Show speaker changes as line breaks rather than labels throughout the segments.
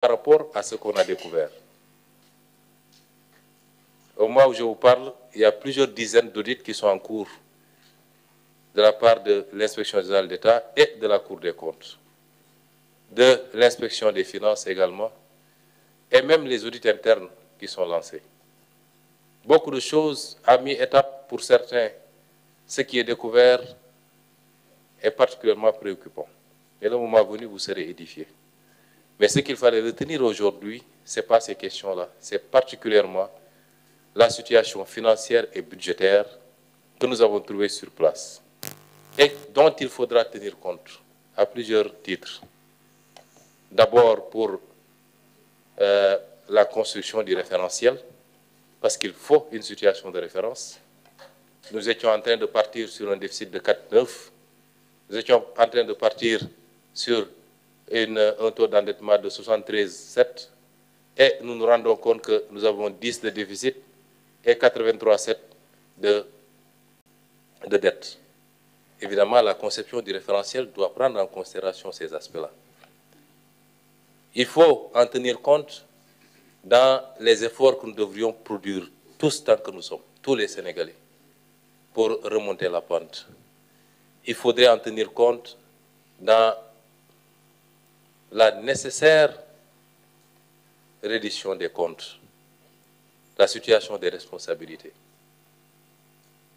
par rapport à ce qu'on a découvert. Au mois où je vous parle, il y a plusieurs dizaines d'audits qui sont en cours de la part de l'inspection générale d'État et de la Cour des comptes, de l'inspection des finances également, et même les audits internes qui sont lancés. Beaucoup de choses à mi-étape pour certains. Ce qui est découvert est particulièrement préoccupant. Et le moment venu, vous serez édifiés. Mais ce qu'il fallait retenir aujourd'hui, ce n'est pas ces questions-là. C'est particulièrement la situation financière et budgétaire que nous avons trouvée sur place et dont il faudra tenir compte à plusieurs titres. D'abord pour euh, la construction du référentiel, parce qu'il faut une situation de référence. Nous étions en train de partir sur un déficit de 4,9. Nous étions en train de partir sur et une, euh, un de 73,7 et nous nous rendons compte que nous avons 10 de déficit et 83,7 de, de dette. Évidemment, la conception Il faut en tenir compte les efforts que nous devrions produire tous les Sénégalais, pour la pente. Il faudrait en tenir compte la nécessaire reddition des comptes, la situation des responsabilités.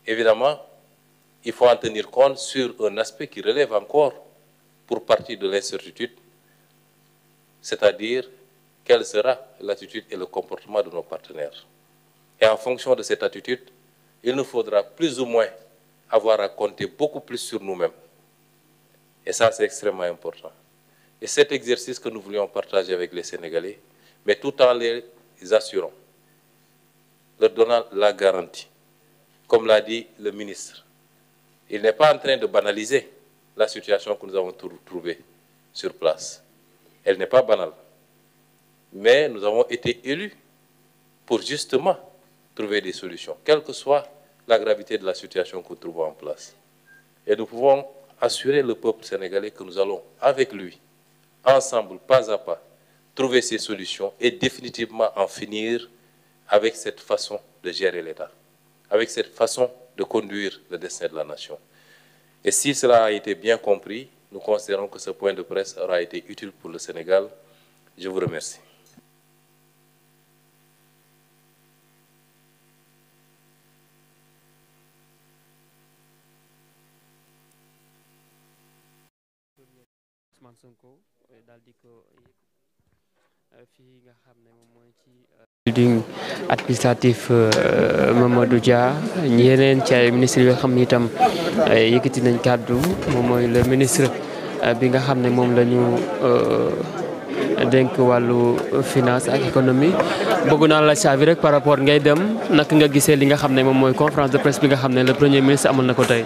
Évidemment, il faut en tenir compte sur un aspect qui relève encore pour partie de l'incertitude, c'est-à-dire quelle sera l'attitude et le comportement de nos partenaires. Et en fonction de cette attitude, il nous faudra plus ou moins avoir à compter beaucoup plus sur nous-mêmes. Et ça, c'est extrêmement important. Et cet exercice que nous voulions partager avec les Sénégalais, mais tout en les assurant, leur donnant la garantie. Comme l'a dit le ministre, il n'est pas en train de banaliser la situation que nous avons trouvée sur place. Elle n'est pas banale. Mais nous avons été élus pour justement trouver des solutions, quelle que soit la gravité de la situation que nous trouvons en place. Et nous pouvons assurer le peuple sénégalais que nous allons, avec lui, ensemble, pas à pas, trouver ces solutions et définitivement en finir avec cette façon de gérer l'État, avec cette façon de conduire le destin de la nation. Et si cela a été bien compris, nous considérons que ce point de presse aura été utile pour le Sénégal. Je vous remercie.
daal di ko euh, fii nga xam ne moom mooy ci euh, building administratif euh, Mamadou Dia yeneen ci ministre yoo xam ne itam yëkkati nañ kàddu moom mooy le ministre bi nga xam ne moom la ñu dénk wàllu finance ak économie bëgg la saabi rek par rapport ngay dem naka nga gisee li nga xam ne moom mooy conférence de presse bi nga xam ne le premier ministre amal na ko tey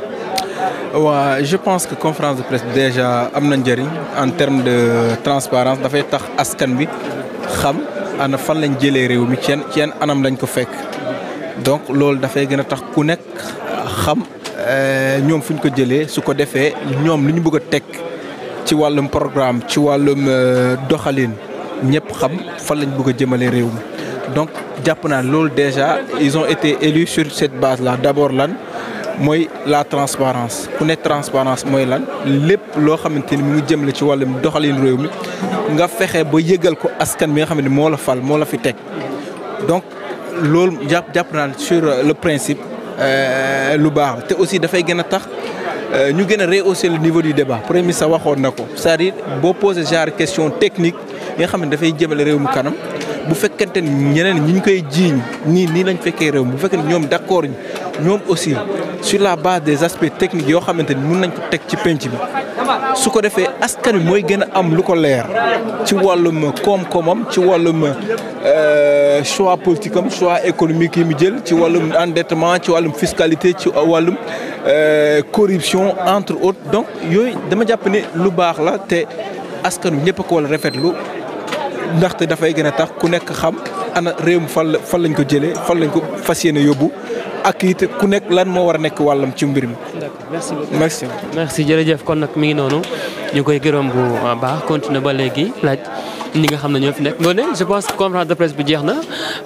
waa je pense que conférence de presse bi déjà am na njëriñ en terme de transparence dafay tax askan bi xam ana fan lañ jëlee réew mi ceen ceen anam lañ ko fekk donc loolu dafay gën a tax ku nekk xam euh, ñoom fu ñu ko jëlee su ko defee ñoom li ñu bëgg a teg ci wàllum programme ci wàllum euh, doxalin ñëpp xam fan lañ bëgg a jëmale réew mi donc jàpp naan loolu déjà ils ont été élus sur cette base là d'abord lan mooy la transparence ku ne transparence mooy lan lépp loo xamante ni mu ngi jëm la ci wàllum doxalin réew mi nga fexe ba yëgal ko askan bi nga xam ne moo la fal moo la fi teg donc loolu jàpp jàpp naa sur euh, le principe euh, lu baax te aussi dafay gën a tax euh, ñu gën a rehausser le niveau du débat premier sa waxoon na ko cest à boo posé genre question technique yi nga xam ne dafay jëmale réew mi kanam bu fekkente ni ñeneen ñi ñu koy jiiñ nii nii lañ fekkee réew mi bu fekkee ñoom d'accord ñoom aussi sur la base des aspects techniques yoo xamante ni mun nañ ko teg ci penc mi su ko defee askan wi mooy gën a am lu ko leer ci wàllum koom-koomam ci wàllum euh, choix politique am choix économique yi mu jël ci wàllum endettement ci wàllum fiscalité ci wàllum euh, corruption entre autres donc yooyu dama jàpp ni lu baax la te askan wi ñëpp ko war a rafetlu ndaxte dafay gën a tax ku nekk xam ana réew mi fan la fan lañ ko jëlee fan lañ ko fas yéene yóbbu. ak it ku nekk lan moo war nekk wàllam ci mbir mi. merci beaucoup merci. merci jërëjëf kon nag mi ngi noonu ñu koy gërëm bu baax continuer ba léegi laaj ñi nga xam ne ñoo fi nekk. ngoone je pense que de presse bi jeex na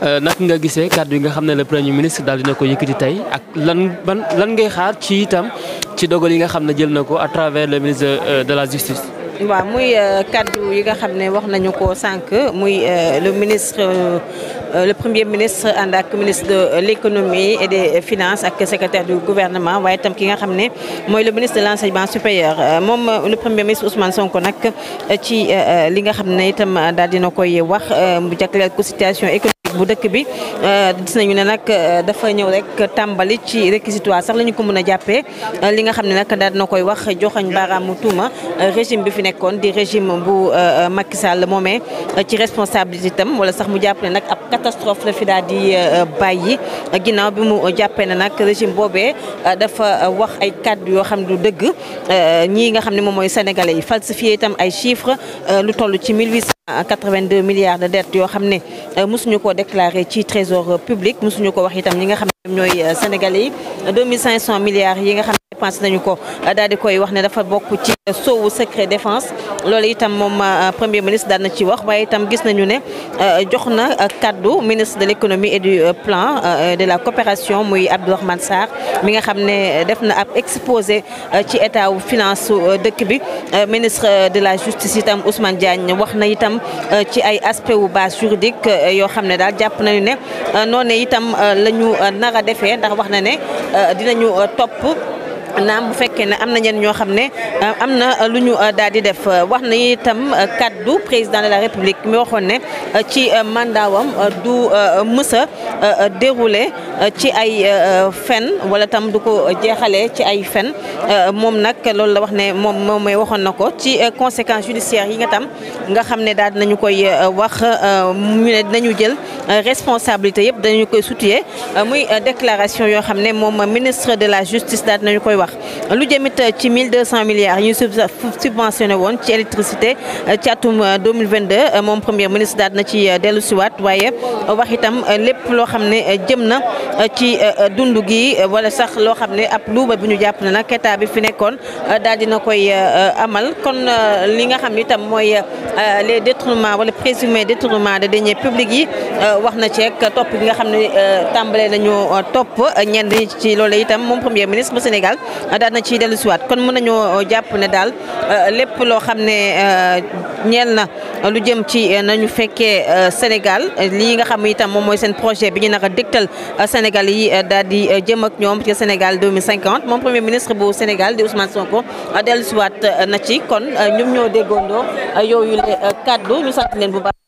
euh, naka nga gisee kàddu yi nga xam ne le premier ministre daal dina ko yëkkati tey ak lan ban lan ngay xaar ci itam ci dogal yi nga xam ne jël na ko à travers le ministre euh, de la justice.
waaw muy euh, kàddu yi nga xam ne wax nañu ko sànq muy le ministre. Euh, le premier ministre ànd ak ministre de euh, l'économie et des finances ak secrétaire du gouvernement waaye tam ki nga xam ne mooy le ministre de l'enseignement supérieur euh, moom le premier ministre Ousmane Sonko nag ci li nga xam ne itam daal dina koy wax mu jagleel ko situation bu dëkk bi euh, gis nañu ne nag euh, dafa ñëw rek tàmbali ci réquisitoire sax la ñu ko mën a jàppee euh, li nga xam ne nag daal na koy wax joxañ baaraamu tuuma régime bi fi nekkoon di régime bu Macky Sall moomee ci responsabilité itam wala sax mu jàpp ne nag ab catastrophe la fi daal di bàyyi ginnaaw bi mu jàppee ne nag régime boobee dafa wax ay kàddu yoo xam ne du dëgg ñii nga xam ne moom mooy sénégalais yi falsifié itam ay chiffres lu toll ci 1800 82 milliards de dettes yoo xam ne euh, mosuñu ko déclaré ci trésor euh, public mosuñu ko wax itam ñi nga xam ne ñooy euh, sénégalais yi 2500 milliards yi nga xam ne dépensé nañu ko daal di koy wax ne dafa bokk ci sowu secret défense loolu itam moom euh, premier ministre daan na ci wax waaye itam gis nañu ne euh, jox na kàddu ministre de l' économie et du euh, plan de la coopération muy Abdourahmane Sarr mi nga xam ne def na ab exposé ci état wu finance dëkk bi ministre de la justice itam Ousmane Diagne wax na itam ci ay aspect wu base juridique yoo xam ne daal jàpp nañu ne noone itam la ñu nar a defee ndax wax na ne dinañu topp. naam bu fekkee ne am na ñenn ñoo xam ne euh, am na euh, lu ñu euh, daal di def wax na itam kaddu président de la république mi waxoon ne ci mandaawam du mës a déroulé ci ay fen wala tam du ko jeexalee ci ay fen moom nag loolu la wax ne moom moom mooy waxoon na ko ci conséquence judiciaires yi nga tam nga xam ne daal dinañu koy wax ñu ne nañu jël responsabilité yëpp dañu koy sutuyee muy déclaration yoo xam ne moom ministre de la justice daal dinañu koy lu jëmit euh, ci 1200 milliards ñu subventionné woon ci électricité euh, ci atum 2022 euh, moom premier ministre daal na ci dellu siwaat waaye wax itam lépp loo xam ne jëm na ci dund gi wala sax loo xam ne ab luuba bu ñu jàpp na nag état bi fi nekkoon daal dina koy amal kon li nga xam ne itam mooy les détournements wala présumé détournement de deniers publics yi wax na ceek topp gi nga xam ne tàmbalee nañu topp ñenn ci loolu itam moom premier ministre bu Sénégal daal dana ci dellusiwaat kon mën nañoo euh, jàpp ne daal euh, lépp loo xam ne euh, ñeel na lu jëm ci nañu fekkee Sénégal lii nga xam itam moom mooy seen projet bi ñu naka dégtal Sénégal yi daal di jëm ak ñoom ci Sénégal 2050 moom premier ministre bu Sénégal di Ousmane Sonko dellusiwaat na ci kon ñoom ñoo déggoondoo yooyu le kaddu ñu sant leen bu baax.